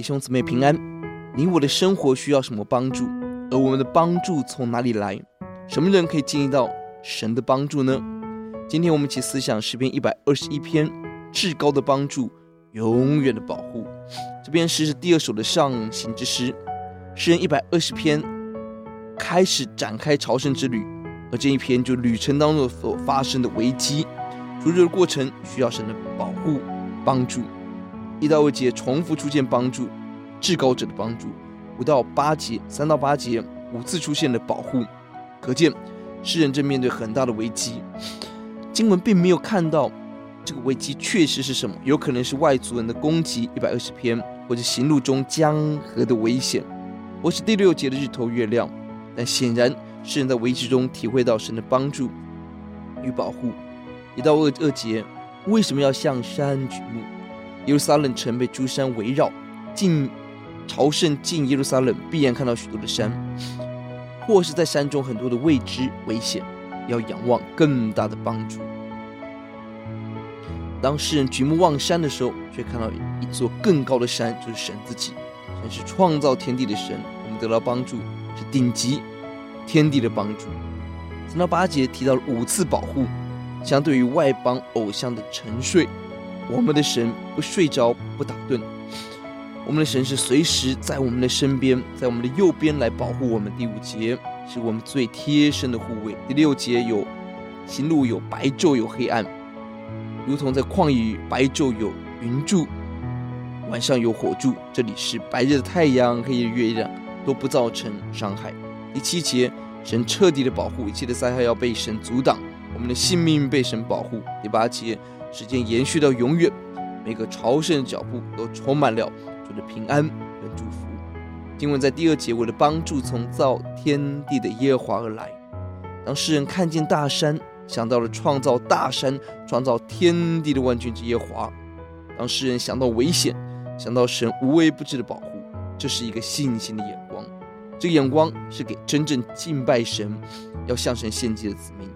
弟兄姊妹平安，你我的生活需要什麼幫助？而我們的幫助從哪裡來？什麼人可以經歷到神的幫助呢？今天我們一起思想詩篇一百二十一篇，至高的幫助，永遠的保護。這篇詩是第二首的上行之詩，詩人一百二十篇開始展開朝聖之旅，而這一篇就旅程當中所發生的危機，出入的過程需要神的保護幫助。一到二節重複出現幫助，至高者的幫助；五到八節，三到八節五次出現的保護，可見詩人正面對很大的危機。經文並沒有看到這個危機確實是什麼，有可能是外族人的攻擊，一百二十篇，或者行路中江河的危險，或是第六節的日頭月亮。但顯然，詩人在危機中體會到神的幫助與保護。一到二二節，為什麼要向山舉目？耶路撒冷城被諸山圍繞，進朝聖進耶路撒冷必然看到許多的山，或是在山中很多的未知危險，要仰望更大的幫助。當詩人舉目望山的時候，卻看到一座更高的山，就是神自己，神是創造天地的神。我們得到幫助是頂級天地的幫助。三到八節提到了五次保護，相對於外邦偶像的沉睡。我們的神不睡着，不打盹。我們的神是隨時在我們的身邊，在我們的右邊來保護我們。第五節是我們最貼身的護衛。第六節有行路有白晝有黑暗，如同在曠野白晝有雲柱，晚上有火柱。這裡是白日的太陽，黑夜的月亮都不造成傷害。第七節神徹底的保護一切的災害要被神阻擋，我們的性命被神保護。第八節。時間延續到永遠，每個朝聖的腳步都充滿了主的平安和祝福。經文在第二節為了幫助從造天地的耶和華而來，當世人看見大山，想到了創造大山、創造天地的萬軍之耶和華；當世人想到危險，想到神無微不至的保護，這是一個信心的眼光。這個眼光是給真正敬拜神、要向神獻祭的子民，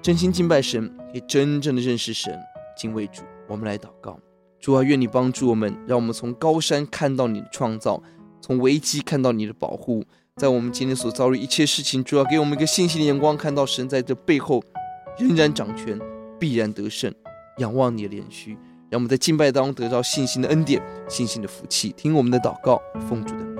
真心敬拜神，也真正的認識神。敬畏主，我們來禱告。主啊，願你幫助我們，讓我們從高山看到你的創造，從危機看到你的保護。在我們今天所遭遇一切事情，主啊，給我們一個信心的眼光，看到神在這背後仍然掌權，必然得勝。仰望你的憐恤，讓我們在敬拜當中得到信心的恩典，信心的福氣。聽我們的禱告，奉主的。